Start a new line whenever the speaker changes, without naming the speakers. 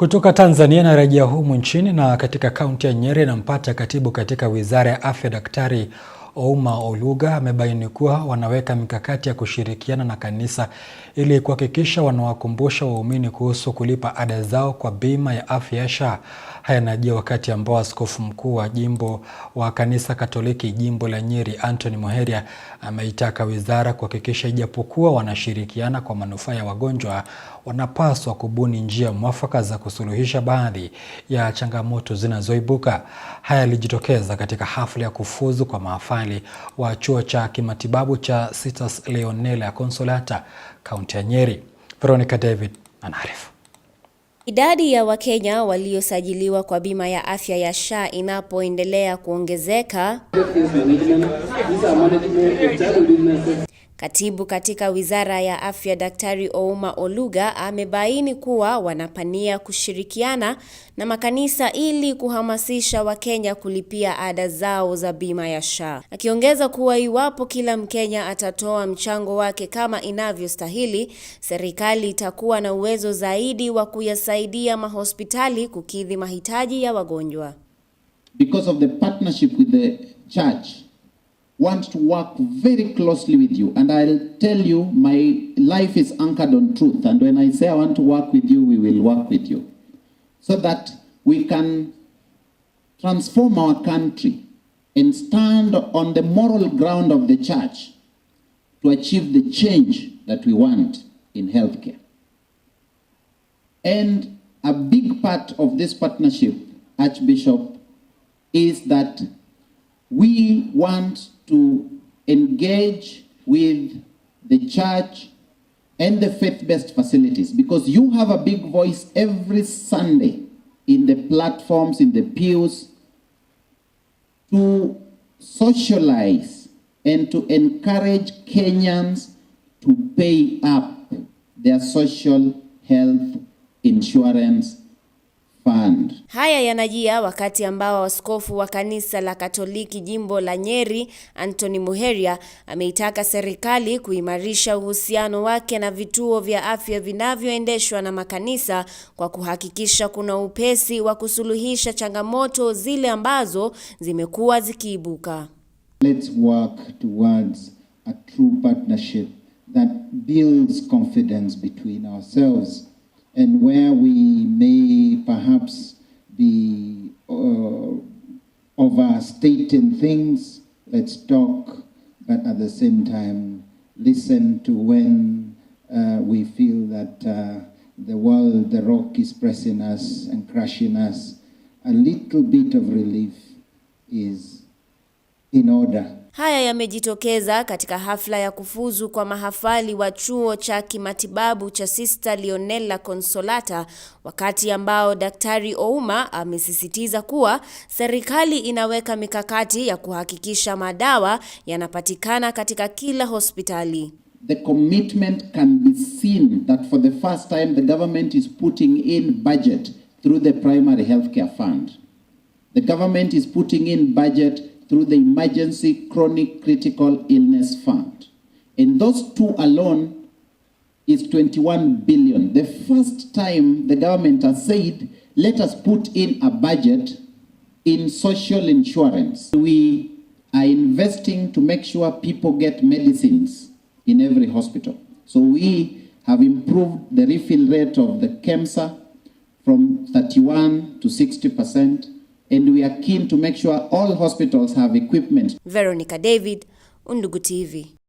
Kutoka Tanzania rajia humu nchini na katika kaunti ya Nyeri nampata katibu katika wizara ya afya Daktari Ouma Oluga amebaini kuwa wanaweka mikakati ya kushirikiana na kanisa ili kuhakikisha wanawakumbusha waumini kuhusu kulipa ada zao kwa bima ya afya ya SHA. Haya yanajia wakati ambao askofu mkuu wa jimbo wa kanisa Katoliki jimbo la Nyeri Anthony Muheria ameitaka wizara kuhakikisha ijapokuwa wanashirikiana kwa manufaa ya wagonjwa, wanapaswa kubuni njia mwafaka za kusuluhisha baadhi ya changamoto zinazoibuka. Haya yalijitokeza katika hafla ya kufuzu kwa mahafali wa chuo cha kimatibabu cha Sister Leonela Consolata kaunti ya Nyeri. Veronica David anaarifu.
Idadi ya Wakenya waliosajiliwa kwa bima ya afya ya SHA inapoendelea kuongezeka Katibu katika Wizara ya Afya Daktari Ouma Oluga amebaini kuwa wanapania kushirikiana na makanisa ili kuhamasisha Wakenya kulipia ada zao za bima ya SHA. Akiongeza kuwa iwapo kila Mkenya atatoa mchango wake kama inavyostahili, serikali itakuwa na uwezo zaidi wa kuyasaidia mahospitali kukidhi mahitaji ya wagonjwa.
Because of the partnership with the church want to work very closely with you. And I'll tell you, my life is anchored on truth. And when I say I want to work with you, we will work with you. So that we can transform our country and stand on the moral ground of the church to achieve the change that we want in healthcare. And a big part of this partnership, Archbishop, is that we want to engage with the church and the faith-based facilities because you have a big voice every Sunday in the platforms, in the pews, to socialize and to encourage Kenyans to pay up their social health insurance
Haya yanajia wakati ambao askofu wa kanisa la Katoliki jimbo la Nyeri, Anthony Muheria ameitaka serikali kuimarisha uhusiano wake na vituo vya afya vinavyoendeshwa na makanisa kwa kuhakikisha kuna upesi wa kusuluhisha changamoto zile ambazo zimekuwa zikiibuka.
Let's work towards a true partnership that builds confidence between ourselves. and where we may perhaps be uh, overstating things, let's talk, but at the same time, listen to when uh, we feel that uh, the world, the rock is pressing us and crushing us. A little bit of relief is in order.
Haya yamejitokeza katika hafla ya kufuzu kwa mahafali wa chuo cha kimatibabu cha Sista Lionella Consolata, wakati ambao Daktari Ouma amesisitiza kuwa serikali inaweka mikakati ya kuhakikisha madawa yanapatikana katika kila hospitali.
The commitment can be seen that for the first time the government is putting in budget through the primary healthcare fund. The government is putting in budget through the Emergency Chronic Critical Illness Fund. And those two alone is 21 billion. The first time the government has said, let us put in a budget in social insurance. We are investing to make sure people get medicines in every hospital. So we have improved the refill rate of the KEMSA from 31 to 60 percent. and we are keen to make sure all hospitals have equipment.
Veronica David, Undugu TV.